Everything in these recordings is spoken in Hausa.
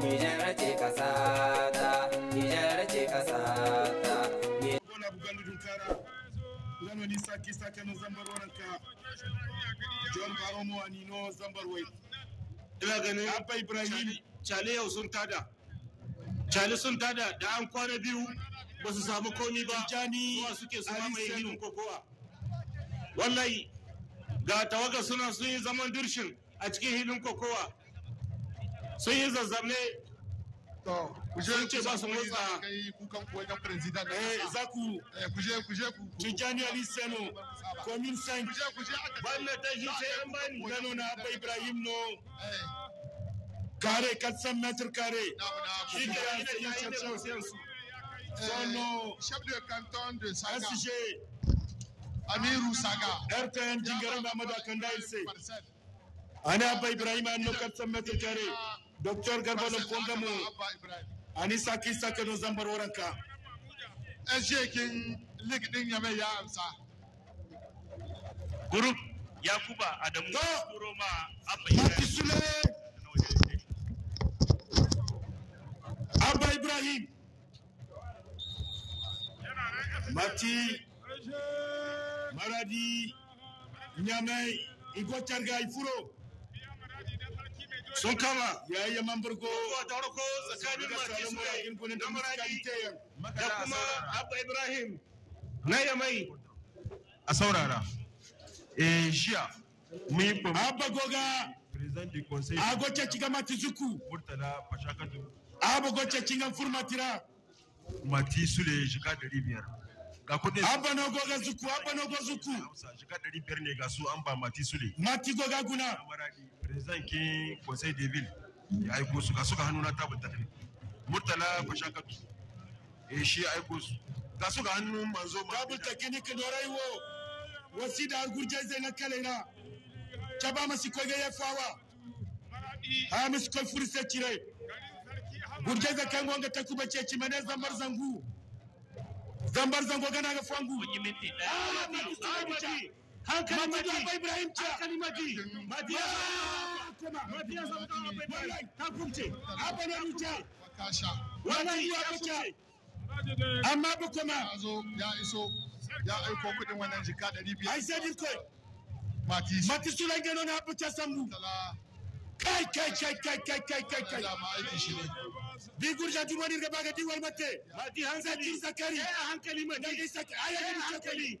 Nijar ta. Chale sun tada. da an kwana biyu ba su samu komi ba. Jani suke su mamaye ginin kokowa. Wallahi ga tawaga suna sun yi zaman dirshin a cikin hilin kokowa. sun yi zazzamne to ku je ce ba su motsa kai kukan ku wajen president eh, eh ku ku Ali Seno 5 ku je wannan ta shi sai an bani na Abba Ibrahim no eh. kare 400 metr kare shi ne ya tsaya sai su sono chef de canton de Saga SG Amiru Saga RTN Jingara Amadu Kandai sai ana Abba Ibrahim an no 400 metr kare Docteur Garba Lokonga mu Anisa Kisa Kano Zambar Waranka. Ejekin lig din Yame ya amsa. Group Yakuba Adamu Kuroma Abba Ibrahim. Abba Ibrahim. Mati Maradi Nyamai Igocharga Ifuro. sun kama yayi mambargo ta farko tsakanin masu da da kuma abu ibrahim na yamai a saurara eh mun yi abba goga agoce ciga goce ciga furmatira mati shiga dari biyar ga kudin na goga zuku abba na goga zuku shiga dari biyar ne ga su an ba mati mati goga guna président kin conseil de ville ya aiko su ga suka hannuna tabin takri murtala bashakatu e shi ya aiko su ga suka hannun manzo ma tabin takri kin raiwo wasi da gurje zai na kalena ta ba masu koge ya fawa ha ah, masu kai fursa cire gurje zai kan gonga ta kuma ce cimane zambar zangu zambar zango gana ga fangu. Ahmadi, Ahmadi, hankali madi ibrahim ce hankali madi madi ya madi ya zama kawo bai bai ta kumce abana ruce wannan amma ya iso ya aiko kudin wannan jika 500 ai sai din mati mati sunan gano na fita sambu kai kai kai kai kai kai kai kai bi gurja duwani ga baga diwal mate mati zakari hankali madi hankali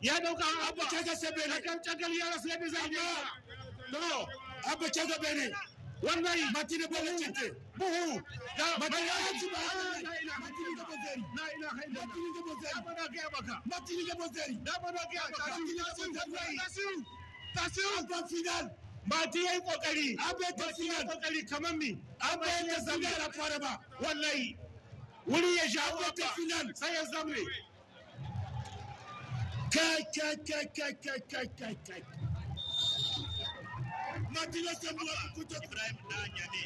ya dauka abba caga sebe ne kan cagal ya rasu yadda zai yi no abba caga bene wannan matini bala cinte buhu da matini ya ci ba matini da bozeri na ila haila matini da bozeri da bana ga baka matini da bozeri da bana ga baka matini da bozeri tasiru tasiru abba final Mati ya yi Matini abin ta final kokari kamar mi, abin ta zambe na fara Matini wallahi, wuri ya sha abin ta final sai ya zambe. Matilo semua kucu Ibrahim dan Yani.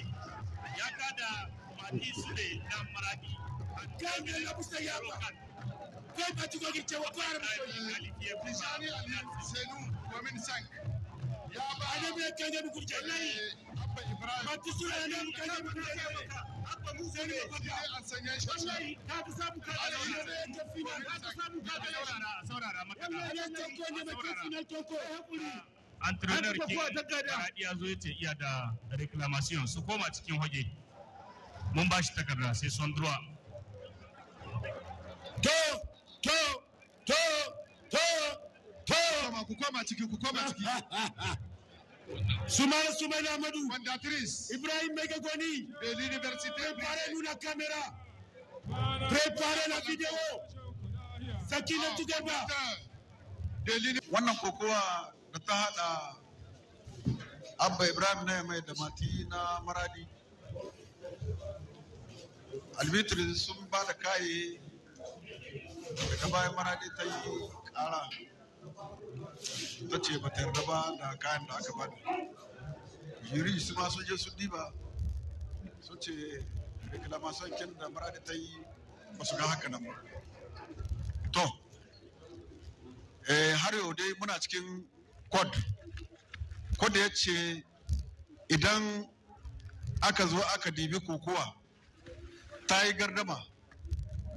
Ya kada mati sudah dan meragi. Kami yang aku sayangkan. Kau pati kau kicau par. Ya bisa ni senyum kami sang. Ya apa? Ada berapa jam kucu lagi? abba ibrahim ne muka ne muka ne abba mu sai ne an sanya shi wallahi ka samu ka da yawa ta ka samu ka da saurara maka ne ne hakuri ke ya zo ya ce iya da reclamation su koma cikin mun ba shi takarda sai to to to to to ku koma ciki ku koma ciki Soumaïla Soumaïla Amadou, fondatrice, Ibrahim Megagoni, de l'université. Préparez-nous la caméra, préparez la vidéo. Sakina Tougaba. Wannan kokowa da ta hada Abba Ibrahim na mai da mati na Maradi. Almitri sun ba da kaye daga bayan Maradi ta yi ƙara. ta ce ba ta yarda ba da kayan da aka bani jiri su ma sun je sun diba sun ce reclamation kin da maradi ta yi ba su ga haka nan ba to eh, har yau dai muna cikin code code ya ce idan aka zo aka dibi kokowa ta yi gardama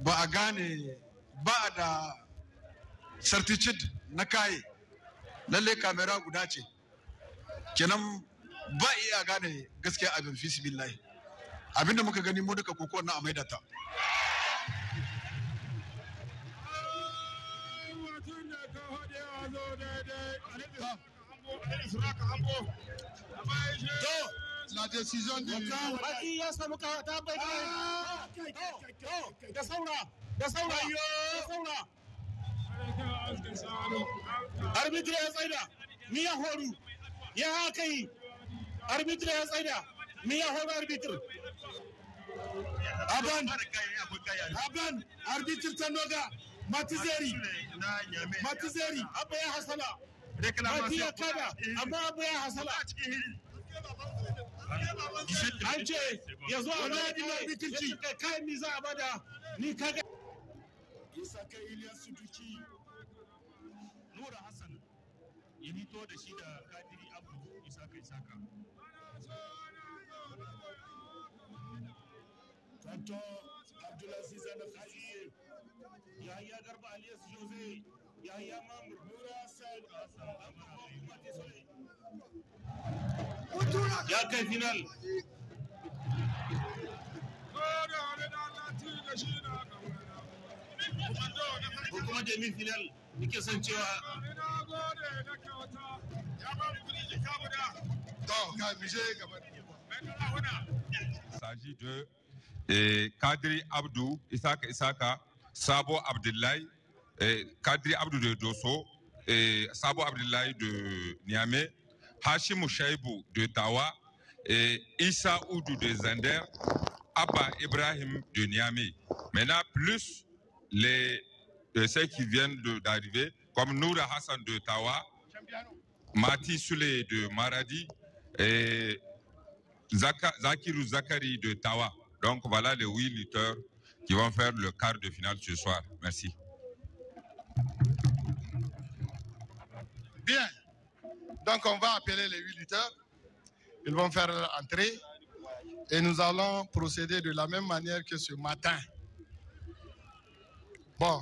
ba a gane ba a da certitude na kaye lalle kamera guda ce kenan ba iya gane gaskiya abin fisibillahi abinda muka gani mu duka koko na a maidata Baki ya samu ta bai da saura da saura da saura Arbitr ya tsaida ni ya horu ya haka yi arbitra ya tsaida ni ya horu arbitra aban aban arbitra ta noga matizeri matizeri abu ya hasala mati ya kada amma abu ya hasala an ce ya zo a bayan arbitrci kai ni za a bada ni kaga isa kai nura hassan ya hito da shi da kadiri abu isa kai saka Tanto Abdulaziz Anakaji, ya Garba alias Jose, Yahya Mamur, Nura Said, Ya kai final. Ko da wani da Allah da shi na Il s'agit de eh, Kadri Abdou, Isaka Isaka, Sabo Abdullahi, eh, Kadri Abdou de Dosso, eh, Sabo Abdullahi de Niamey, Hashim Shaibou de Tawa, et Issa de Zender, Abba Ibrahim de Niamey. Maintenant, plus les de ceux qui viennent d'arriver, comme Noura Hassan de Tawa, Mati de Maradi et Zakirou Zakari de Tawa. Donc voilà les huit lutteurs qui vont faire le quart de finale ce soir. Merci. Bien. Donc on va appeler les huit lutteurs. Ils vont faire entrer Et nous allons procéder de la même manière que ce matin. Bon.